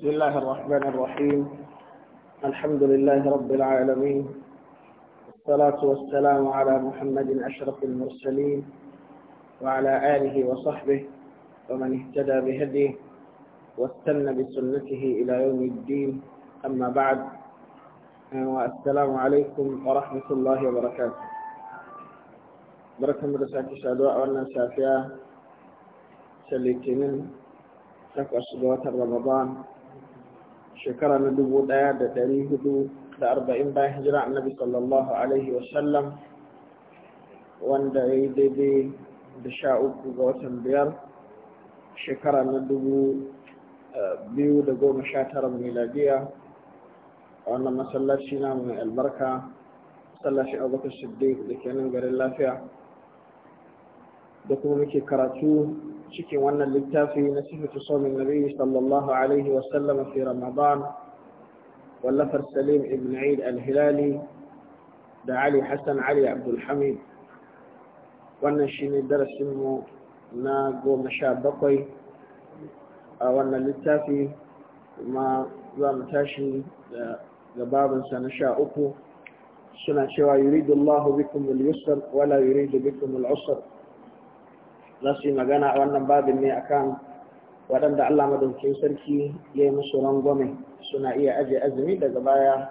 بسم الله الرحمن الرحيم الحمد لله رب العالمين والصلاة والسلام على محمد أشرف المرسلين وعلى آله وصحبه ومن اهتدى بهديه واستنى بسنته إلى يوم الدين أما بعد والسلام عليكم ورحمة الله وبركاته بركة مدرسة الشهداء والنسافية سليتين takwas ga shekara na dubu ɗaya da ɗari hudu da arba'in bayan hijira annabi sallallahu alaihi wasallam wanda ya yi daidai da sha uku ga watan biyar shekara na dubu eh, biyu da goma sha tara miladiya a wannan masallaci na mai albarka a bakar siddiq da ke nan garin lafiya da kuma muke karatu cikin wannan littafi na sifatu somin nabi sallallahu alaihi wa wasallam fi ramadan wallafar salim ibn aid al-hilali da ali hassan ali abdul hamid wannan shine darasinmu na goma sha bakwai a wannan littafi kuma za mu tashi da babinsa na sha uku suna cewa yuridu allahu bikum al-yusr wala yuridu bikum al-usr za su yi magana a wannan babin ne akan waɗanda Allah madaukin sarki ya yi musu rangwame suna iya aje azumi daga baya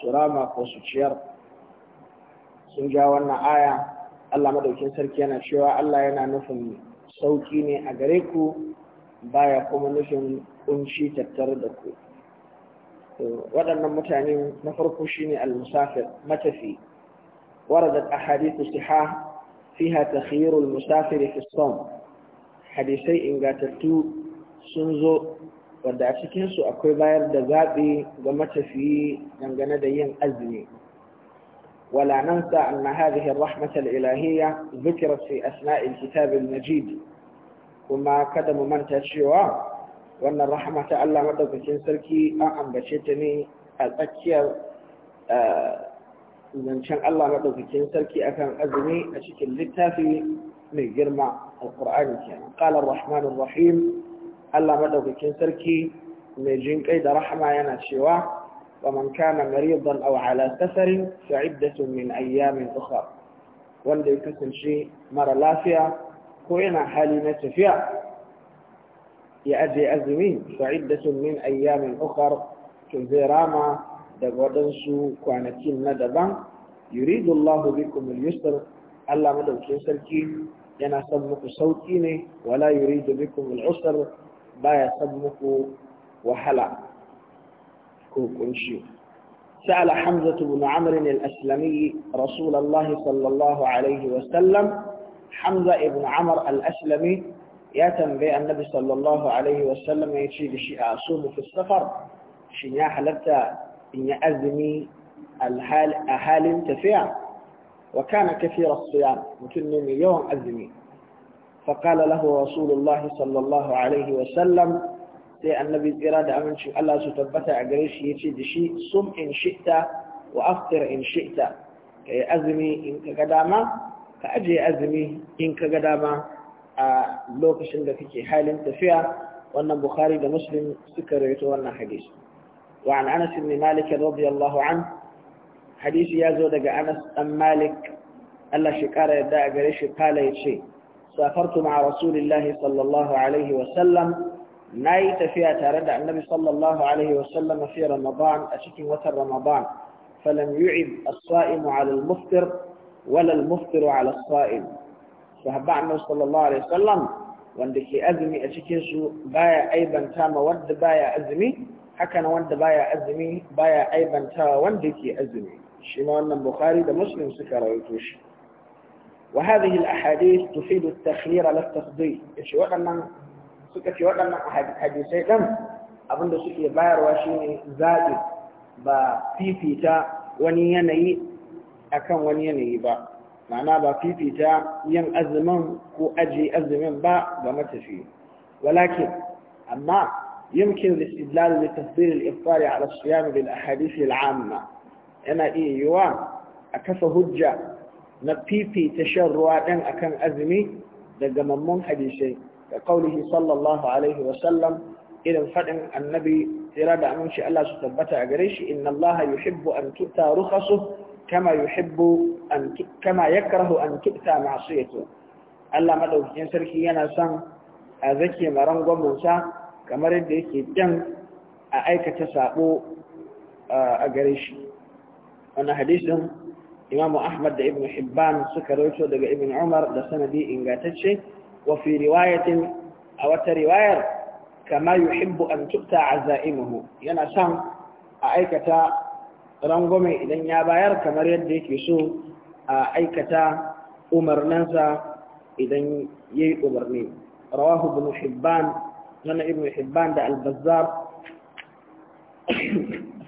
su rama ko su ciyar sun ja wannan aya Allah madaukin sarki yana cewa Allah yana nufin sauki ne a gare ku baya kuma nufin kunshi tattare da ku waɗannan mutane na farko shine al-musafir matafi waradat ahadithu sihah fiha takhyirul musafiri fi sawm hadisai ingatattu sun zo wanda a cikin su akwai bayar da zaɓi ga matafiyi dangane da yin azumi ولا ننسى أن هذه الرحمة الإلهية ذكرت في أثناء الكتاب المجيد وما قدم من تشيوا وأن الرحمة الله مدد في سلكي أعم بشيتني الأكير آه zancen Allah maɗaukakin sarki akan azumi a cikin littafi mai girma alƙur'ani kenan qala ar-rahman rahim Allah maɗaukakin sarki mai jinƙai da rahama yana cewa wa man kana maridan aw ala safarin fa iddatun min ayyamin ukhra wanda ya kasance mara lafiya ko yana hali na tafiya ya ajiye azumi fa iddatun min ayyamin ukhra to zai rama daga waɗansu kwanakin na daban yuridu Allahu bikum al-yusr Allah madaukin sarki yana son muku sauki ne wala yuridu bikum al-usr baya son muku wahala ko kunshi سأل حمزة بن عمرو الأسلمي رسول الله صلى الله عليه وسلم حمزة بن عمر الأسلمي ياتم النبي صلى الله عليه وسلم يشيد شيء أصوم في السفر شن حلبت in yi azumi a halin tafiya wa kana kafira siyam mutum ne mai yawan azumi فقال له رسول الله صلى الله sai annabi tsira da amincin Allah su tabbata a gare shi yace da shi sum in shi'ta wa aftir in shi'ta kai azumi in ga dama ka aje azumi in kaga dama a lokacin da kake halin tafiya wannan bukhari da muslim suka rawaito wannan hadisi وعن أنس بن مالك رضي الله عنه حديث يا دقى أنس أم مالك ألا شكار يدعى قريش قال يتشي سافرت مع رسول الله صلى الله عليه وسلم نايت فيها تردع النبي صلى الله عليه وسلم في رمضان أشكي وتر رمضان فلم يعب الصائم على المفطر ولا المفطر على الصائم فهبع النبي صلى الله عليه وسلم وعندك أزمي أشكي بايا أيضا تام ود بايا أزمي hakan wanda baya azumi baya aibantawa wanda ke azumi shi ma wannan bukhari da muslim suka rawaito shi وهذه الاحاديث تفيد التخيير على التفضيل ايش waɗannan hadisai ɗan abin da suke bayarwa shine ne zaɓi ba fifita wani yanayi akan wani yanayi ba mana ba fifita yin azumin ko ajiye azumin ba ga matafi walakin amma يمكن الاستدلال بتفضيل الإفطار على الصيام بالأحاديث العامة أنا إيه يوان أكف هجة نبيبي تشروا أن أكن أزمي دقممون حديثي كقوله صلى الله عليه وسلم إذا فدن النبي إرادة أن شاء الله ستبت أجريش إن الله يحب أن تؤتى رخصه كما يحب أن ت... كما يكره أن تؤتى معصيته Allah madaukakin sarki yana son a zake marangon sa kamar yadda yake jan a aikata sabo a gare shi wani hadisin imamu ahmad da ibn hibban suka rawaito daga ibn umar da sanadi ingantacce wa fi riwayatin a wata riwayar kama hibbu an tubta azaimuhu yana son a aikata rangwame idan ya bayar kamar yadda yake so a aikata umarninsa idan yayi umarni rawahu ibn hibban لنا ابن حبان ده البزار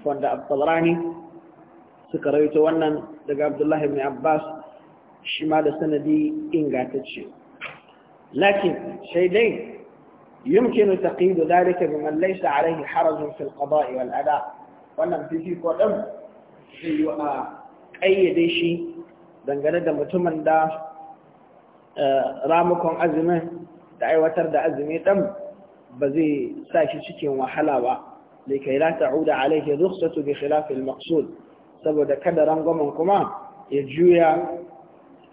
فان ده الطبراني سكر يتوانن ده عبد الله بن عباس شمال السنة دي انغاتتش لكن شيدين يمكن تقييد ذلك بمن ليس عليه حرج في القضاء والأداء وانا في في قدم في أي ديشي دنجل ده متمن ده آه، رامكم أزمه da aiwatar da azumi ɗan ba zai sa shi cikin wahala ba likai la ta'uda alaihi rukhsatu bi khilaf al maqsud saboda kada rangwamen kuma ya juya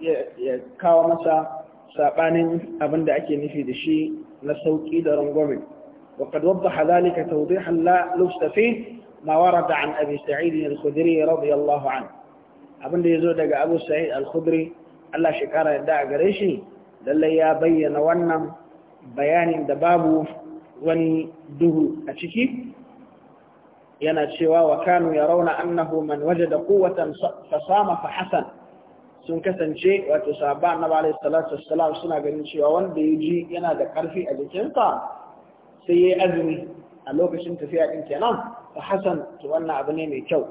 ya kawo masa sabanin abin da ake nufi da shi na sauki da rangwamen وقد وضح ذلك توضيحا لا لبس فيه ما ورد عن أبي sa'id الخدري رضي الله an abin da ya zo daga abu sa'id al-khudri Allah shekara yadda a gare shi lalle ya bayyana wannan bayanin da babu wani duhu a ciki yana cewa wa kanu ya rauna annahu man da quwwatan fasama fa hasan sun kasance wato sahaba annabi alaihi salatu wassalam suna ganin cewa wanda ya ji yana da karfi a jikinsa sai yi azumi a lokacin tafiya din kenan fa hasan to wannan abu ne mai kyau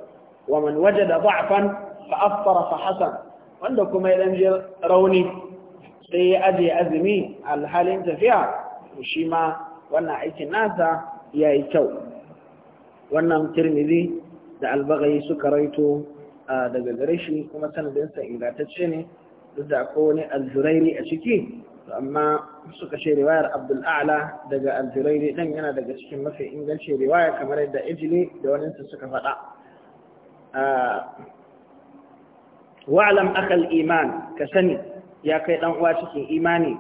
wa man da da'fan fa afṭara fa hasan wanda kuma ya ɗan rauni sai ya ajiye azumi alhalin tafiya shi ma wannan aikin nasa ya yi kyau wannan tirmidhi da albagai suka raito daga gare shi kuma sanadinsa ingantacce ne duk da akwai wani aljurairi a ciki amma suka ce riwayar abdul a'la daga aljurairi dan yana daga cikin mafi inganci riwaya kamar yadda ijili da waninsa suka faɗa wa'alam akal iman ka sani ya kai ɗan uwa cikin imani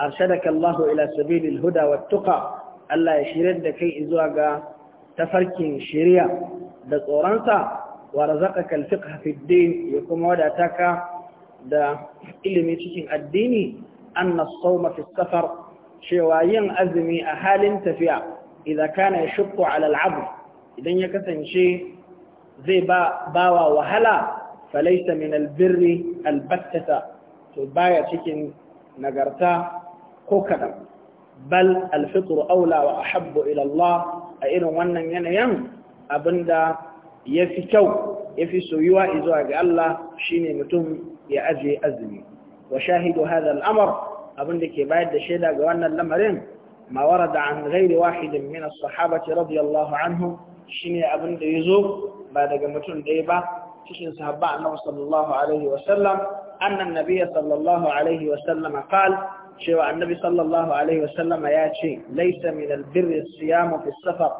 arshadaka Allah ila sabilil huda wat tuqa Allah ya shirar da kai zuwa ga tafarkin shiriya da tsoronsa wa razaqaka al fiqh fi ya kuma wadataka da ilimi cikin addini an as-sawma safar cewa yin azumi a halin tafiya idan kana yashqu ala al-'abd idan ya kasance zai ba bawa wahala falaysa min al-birri al to baya cikin nagarta ko kaɗan bal alfitru aula wa ahabbu ila Allah a irin wannan yanayin abinda ya fi kyau ya fi soyuwa izuwa ga Allah shine mutum ya ajiye azumi wa shahidu hadha al-amr abinda ke bayar da shaida ga wannan lamarin ma warada an ghairi wahidin min as-sahabati radiyallahu anhu shine abinda yazo ba daga mutum ɗaya ba cikin sahabba annabi sallallahu alaihi wa sallam annan an sallallahu alaihi wa sallam qala شوى النبي صلى الله عليه وسلم ياتي ليس من البر الصيام في السفر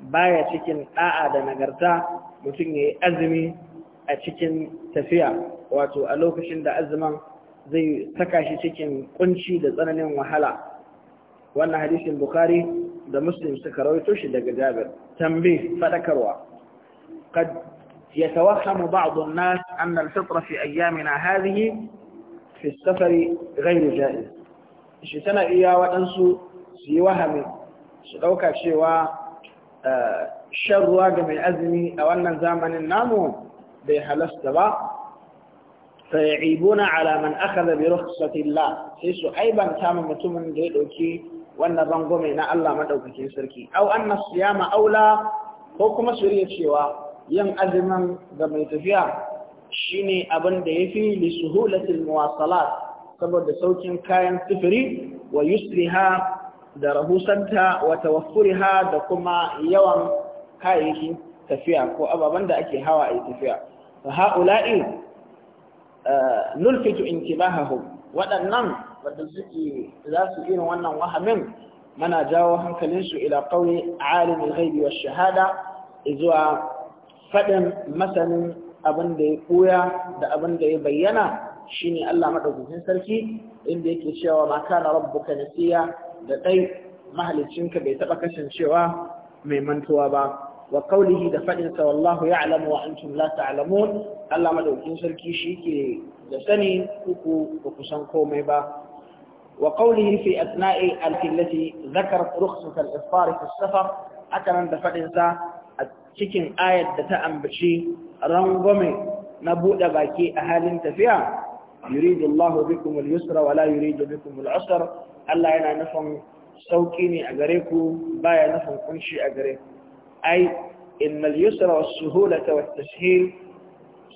بايا تكن أعادة نجرتا متنجي أزمي أتكن تفيا واتو ألوكشن دا أزما زي تكاشي تكن قنشي دا زنن وحلا وانا حديث البخاري دا مسلم سكروي توشي دا جابر تنبيه فذكروا قد يتوهم بعض الناس أن الفطرة في أيامنا هذه في السفر غير جائز shi tana iya waɗansu su wahame su ɗauka cewa eh, shan ruwa ga mai azumi a wannan zamanin namu bai halasta ba ta yi ibuna alaman aka zabi rukusatilla sai su aibanta ma mutumin da ya ɗauki wannan bango mai na Allah maɗaukakin sarki au an na su yama aula ko kuma su riya cewa yin azumin ga mai tafiya shine abin da ya fi lissuhulatin muwasalat saboda saukin kayan sufuri, wa yusriha da rahusanta wata wafuriha da kuma yawan kayayyaki tafiya ko ababen da ake hawa a yi tafiya fa ha'ula'i eh, nulfitu intibahahum waɗannan wanda suke za su irin wannan wahamin mana jawo hankalinsu ila qawli alim al-ghaibi wa shahada zuwa faɗin masanin abin da ya koya da abin da ya bayyana shine Allah madaukakin sarki inda yake cewa ma kana rabbuka nasiya da kai mahalicinka bai taba kasancewa mai mantuwa ba wa qawlihi da fadin sa wallahu ya'lamu wa antum la ta'lamun Allah madaukakin sarki shike da sani kuku ba ku san komai ba wa qawlihi fi asna'i allati dhakara rukhsat al-iftar fi as-safar akanan da fadin sa a cikin ayar da ta ambaci rangwame na buɗe baki a halin tafiya yuridu Allah bikum al-yusra wa yuridu bikum al Allah yana nufin sauki ne a gare ku baya nufin kunshi a gare ku ai innal yusra was-suhulata wat-tashhil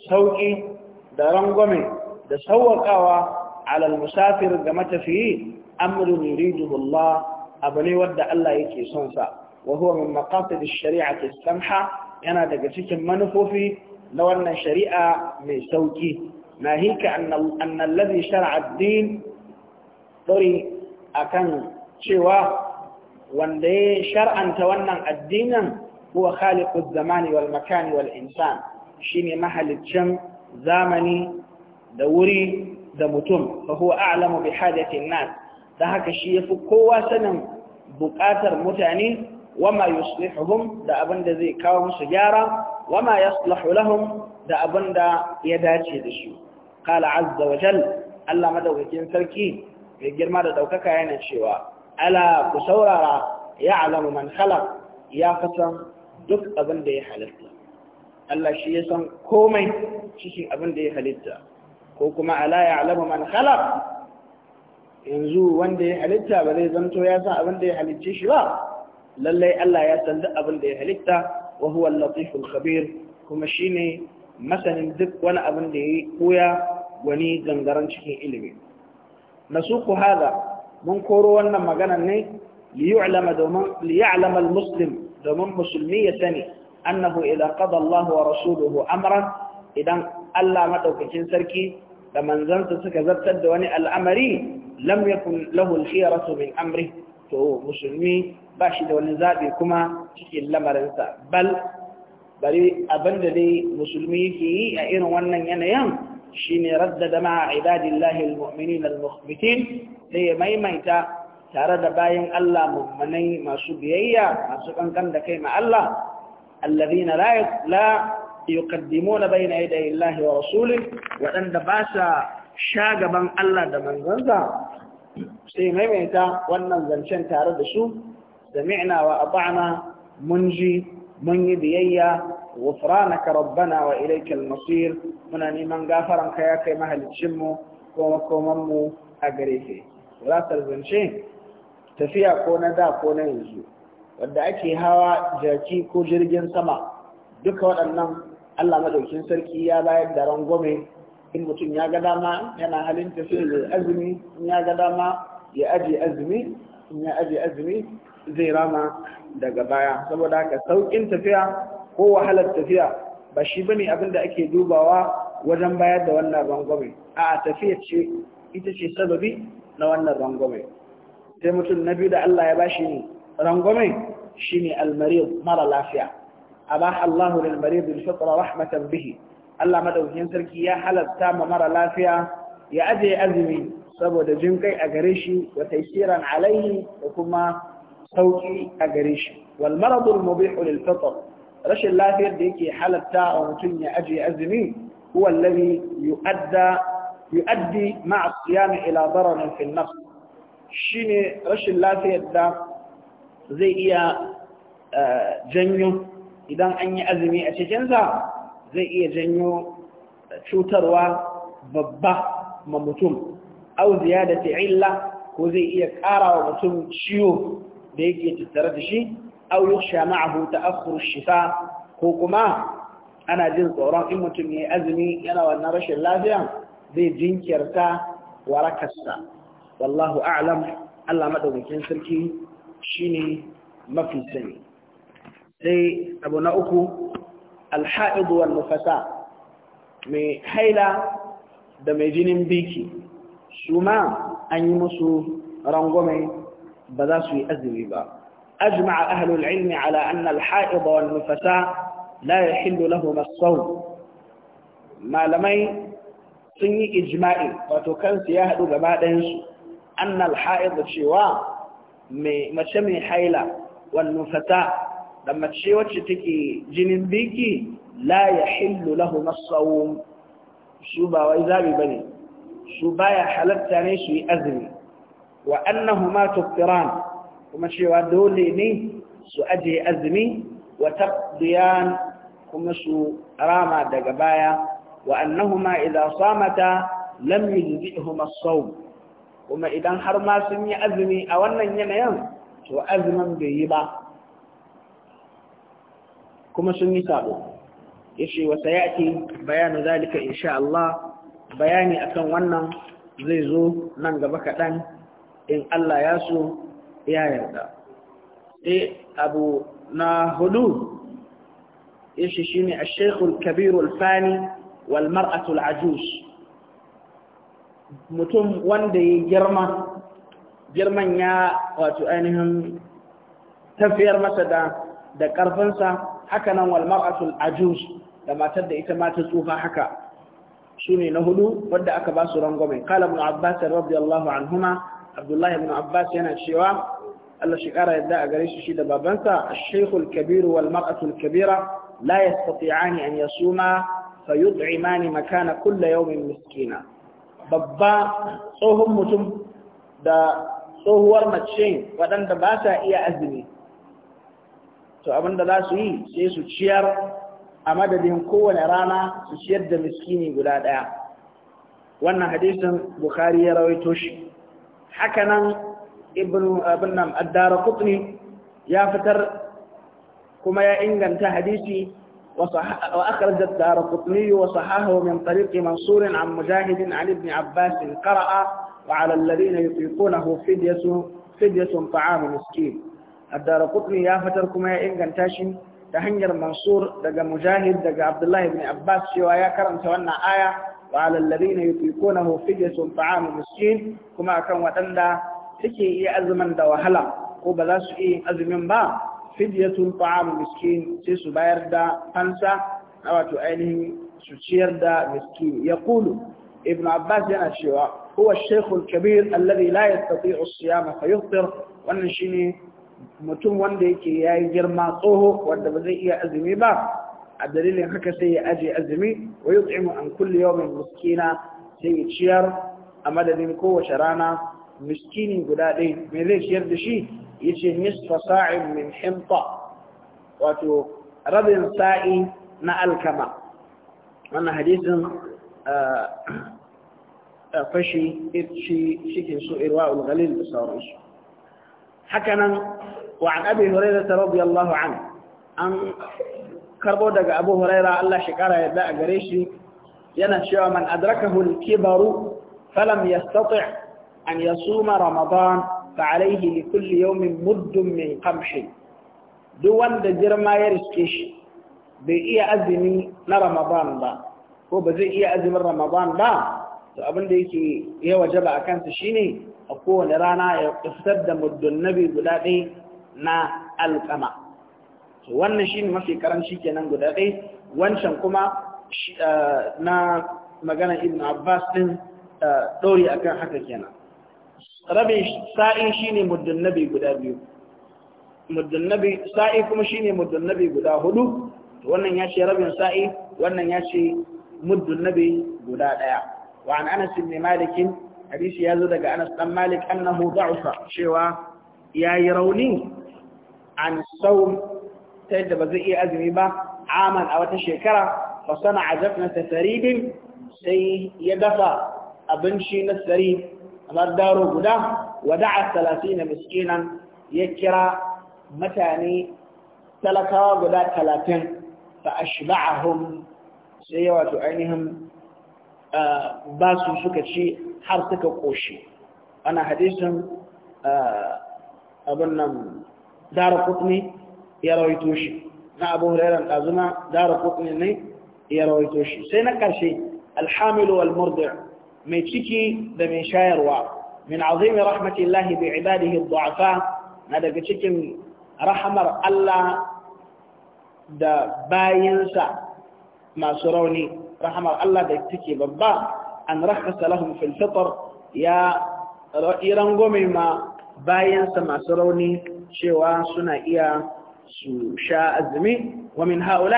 sauki da rangwame da sauwaƙawa ala musafir ga matafiyi amri yuriduhu Allah abane wanda Allah yake son sa wa huwa min maqasid ash-shari'ati yana daga cikin manufofi na wannan shari'a mai sauƙi. ناهيك أن, أن الذي شرع الدين طري أكن شوى وانده شرعا تونا الدين هو خالق الزمان والمكان والإنسان شيني محل الجم زامني دوري دمتم فهو أعلم بحاجة الناس دهك الشيء فكوا سنم بقاتر متاني وما يصلحهم ده أبن ذي كاوم سجارة وما يصلح لهم da abin da ya dace da shi qala azza wa jal Allah madaukakin sarki mai girma da daukaka yana cewa ala ku saurara ya'lamu man khalaq ya kasan duk abin ya halitta Allah shi ya san komai cikin abin da ya halitta ko kuma ala ya'lamu man khalaq yanzu wanda ya halitta ba zai zanto ya san abin ya halicce shi ba lallai Allah ya san duk ya halitta wa huwa al-latiful khabir kuma shine masanin duk wani abin da ya koya wani gangaren cikin ilimi ku hada mun koro wannan magana ne li domin liya'lama domin musulmi ya sani annahu idza qada Allah wa rasuluhu amran idan Allah madaukakin sarki da manzansa suka zartar da wani al'amari lam yakun lahu al-khiyaratu min amri to musulmi ba shi da wani zabi kuma cikin lamarinsa bal bari abinda dai musulmi yake yi a irin wannan yanayin shine raddada ma'a ibadillahi almu'minin almukhbitin sai ya maimaita tare da bayan Allah mu'minai masu biyayya masu kankan da kai ma Allah alladhina la la yuqaddimuna bayna yaday Allah wa rasulih wadanda ba sa shagaban Allah da manzansa sai maimaita wannan zancen tare da su sami'na wa ata'na mun ji mun yi biyayya غفرانك ربنا وإليك المصير من نيمان kai كياك مهل تشمو كوما كوممو أغريكي ولا تلزمشي tafiya ko na da ko na yanzu wadda ake hawa jaki ko jirgin sama duka waɗannan Allah madaukin sarki ya bayar da rangwame in mutum ya ga dama yana halin tafiya da azumi in ya ga dama ya aje azumi in ya aje azumi zai rama daga baya saboda haka saukin tafiya ko wahalar tafiya ba shi bane abin da ake dubawa wajen bayar da wannan rangwame a tafiya ce ita ce sababi na wannan rangwame sai mutum na biyu da Allah ya bashi ne rangwame shine almarid mara lafiya abaha Allahu lil marid bil fitra rahmatan bihi Allah madaukakin sarki ya halatta ma mara lafiya ya aje azumi saboda jin kai a gare shi wa taysiran alaihi da kuma sauki a gare shi wal marad mubih lil fitr rashin lafiyar da yake halatta wa mutum ya ajiye azumi huwa yu'adda yu'addi ma'a siyami ila dararin fil nafs shine rashin lafiyar da zai iya eh, janyo idan an yi azumi a cikinsa zai iya janyo cutarwa babba ma mutum au ziyadati illa ko zai iya ƙara wa mutum ciwo da yake tattare da shi au yukhsha ma'ahu ta'akhkhur ash-shifa ko kuma ana jin tsoron in mutum yayi azumi yana wannan rashin lafiya zai jinkirta warakarsa wallahu a'lam Allah madaukakin sarki shine mafi sani sai abu na uku al-ha'id wal nufasa mai haila da mai jinin biki su ma an yi musu rangwame ba za su yi azumi ba أجمع أهل العلم على أن الحائض والنفساء لا يحل لهما الصوم ما لمي صني إجماعي وتكن سياهد جمادنش أن الحائض شواء مشمي حيلة والنفساء لما تشيوة تكي جنين بيكي لا يحل لهما الصوم شوبا وإذا ببني شوبا يحلت تانيش أزمي وأنهما تفتران kuma cewa dole ne su ajiye azumi wa taqdiyan kuma su rama daga baya wa annahuma idza samata lam yujzihuma as-sawm kuma idan har ma sun yi azumi a wannan yanayin to azumin bai yi ba kuma sun yi sabo yace wa sayati bayanu zalika insha Allah bayani akan wannan zai zo nan gaba kaɗan in Allah ya so ya yarda sai abu na hudu yashi shine al-shaykh fani walmar mar'atu mutum wanda ya girma girman ya wato ainihin tafiyar masa da da karfinsa hakanan nan wal da matar da ita mata tsufa haka shine na hudu wadda aka ba su rangwame qala ibn abbas radiyallahu anhuma abdullahi ibn abbas yana cewa Allah shi kara yadda a gare shi shi da babansa ash Kabiru al-kabir wal mar'atu al-kabira la yastati'ani an yasuma fayud'imani makana kulli yawmin miskina babba tsohon mutum da tsohuwar mace waɗanda ba sa iya azumi to abinda za su yi sai su ciyar a madadin kowane rana su ciyar da miskini guda ɗaya wannan hadisin bukhari ya rawaito shi hakanan ابن ابن الدار قطني يا فتر كما يا إنجن تهديسي وصح وأخرج قطني وصححه من طريق منصور عن مجاهد عن ابن عباس قرأ وعلى الذين يطيقونه فدية فدية طعام مسكين الدار قطني يا فتر كما يا إنجن تاشن تهنجر منصور دقى مجاهد دقى عبد الله بن عباس شوايا كرم سوانا آية وعلى الذين يطيقونه فدية طعام مسكين كما كان وتندى تكي إي أزمن دا وهلا وبلاش إي أزمن با فدية طعام مسكين تيسو باير دا فانسا أو تؤينه سوشير مسكين يقول ابن عباس أنا شوى هو الشيخ الكبير الذي لا يستطيع الصيام فيفطر وأنشني متوم وندي كي يجرم ما طوه وده بدي إي با الدليل هكا سي أجي أزمي ويطعم عن كل يوم مسكينة سي تشير أمد منكو وشرانا مسكين قدادين من ذلك يردشي يجي نصف صاع من حمطة واتو رب صاعي نعل كما انا حديث آه، آه، فشي اتشي شكي سوء إرواء الغليل بصوريش حكنا وعن أبي هريرة رضي الله عنه أن karbo daga Abu Huraira Allah shi kara yadda a gare shi yana cewa man adrakahu al-kibaru falam yastati' an yasuma ramadan fa alayhi li kulli yawmin muddun min qamshi duk wanda girma ya riske shi bai iya azumi na ramadan ba ko ba zai iya azumin ramadan ba to abin da yake ya wajaba a kansa shine a kowane rana ya fitar da muddun nabi guda ɗaya na alƙama wannan shi ne mafi karanci kenan guda ɗai wancan kuma eh, na magana ibn abbas din eh, ɗori akan haka kenan rabin sa'i shi ne nabi guda biyu muddin nabi sa'i kuma shi ne nabi guda hudu wannan ya ce rabin sa'i wannan ya ce muddin nabi guda ɗaya wa an anas ibn malikin hadisi ya zo daga anas dan malik annahu da'ufa cewa yi rauni an saum ta yadda ba zai iya azumi ba aman a wata shekara sana sana'a dafna tasaridin sai ya dafa abinci na sari a daro guda wada'a talatin miskinan ya kira mutane talakawa guda talatin fa ashba'ahum sai wato ainihin ba su suka ci har suka koshi ana hadisin abin nan dara ya rawaito shi na abu hurairar ɗazuna dara kotun ne ya rawaito shi sai na ƙarshe alhamilu wal murdir mai ciki da mai shayarwa min azimi rahmatillahi bi ibadihi du'afa na daga cikin rahamar Allah da bayansa masu rauni rahamar Allah da take babba an rakasa lahum fil ya iran gome ma bayansa masu rauni cewa suna iya su sha azumi wa min haula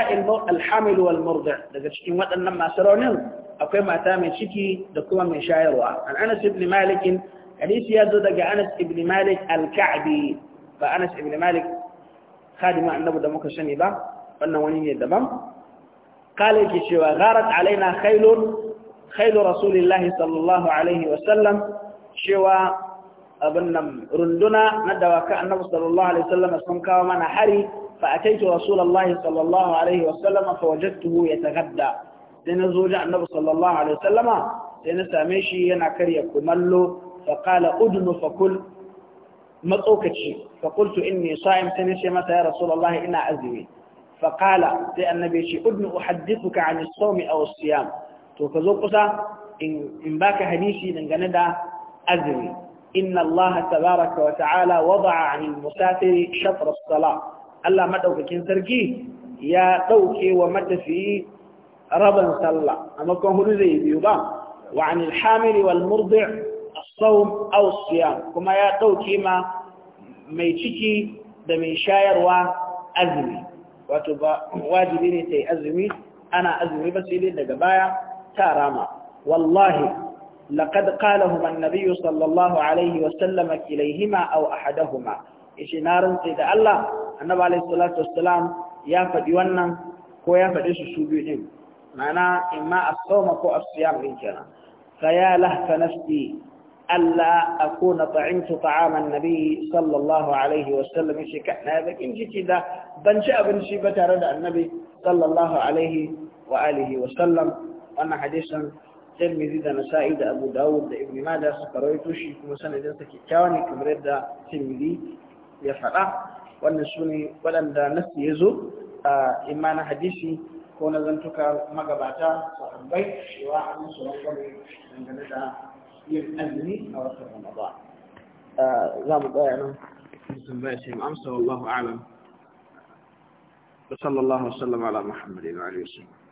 alhamil wal murda daga cikin waɗannan masu raunin akwai mata mai ciki da kuma mai shayarwa an anas ibn malik hadisi ya zo daga anas ibn malik al ba anas ibn malik khadima annabi da muka sani ba wannan wani ne daban kale yake cewa gharat alaina khailun khailu rasulillahi sallallahu alaihi wa sallam cewa abin nan runduna na dawaka annabi sallallahu alaihi wasallam sun kawo mana hari fa ataitu rasulullahi sallallahu alaihi wasallam fa wajadtuhu yataghadda sai na zo da annabi sallallahu alaihi wasallam sai na same shi yana karya kumallo fa qala udnu fa kul matsaukaci fa qultu inni sa'im sai na ce masa ya rasulullahi ina azumi fa qala sai annabi ce udnu uhaddithuka an as-sawmi aw as-siyam to ka zo kusa in baka hadisi dangane da azumi inna Allah tabaraka wa ta'ala wada'a 'anil musafiri shatr as-salah Allah madaukakin sarki ya dauke wa matafiyi rabin sallah amma kon hudu zai biyu ba wa 'anil hamili wal murdi' as-sawm kuma ya dauke ma mai ciki da mai shayarwa azumi wato ba wajibi ne ta azumi ana azumi ba sai dai daga baya ta rama wallahi لقد قالهما النبي صلى الله عليه وسلم إليهما أو أحدهما إيش نار سيدة الله النبي عليه الصلاة والسلام يا فديوانا كو يا فديس سوبيهم معنى إما الصوم كو الصيام إنجنا فيا لهف نفسي ألا أكون طعمت طعام النبي صلى الله عليه وسلم إيش كأنا بك إن جيت إذا بنشأ بنشي بترد النبي صلى الله عليه وآله وسلم أنا حديثا tirmidhi da nasa'i da abu dawud da ibn mada suka rawaito shi kuma sanadin sa kyakkyawa ne kamar yadda tirmidhi ya faɗa wannan su ne waɗanda nasi ya zo a imma na hadisi ko na zantuka magabata sahabbai cewa an su rangwame dangane da yin azumi a watan ramadan za mu tsaya nan mutum bai sai mu amsa wallahu a'lam وصلى الله وسلم على محمد وعلى اله وسلم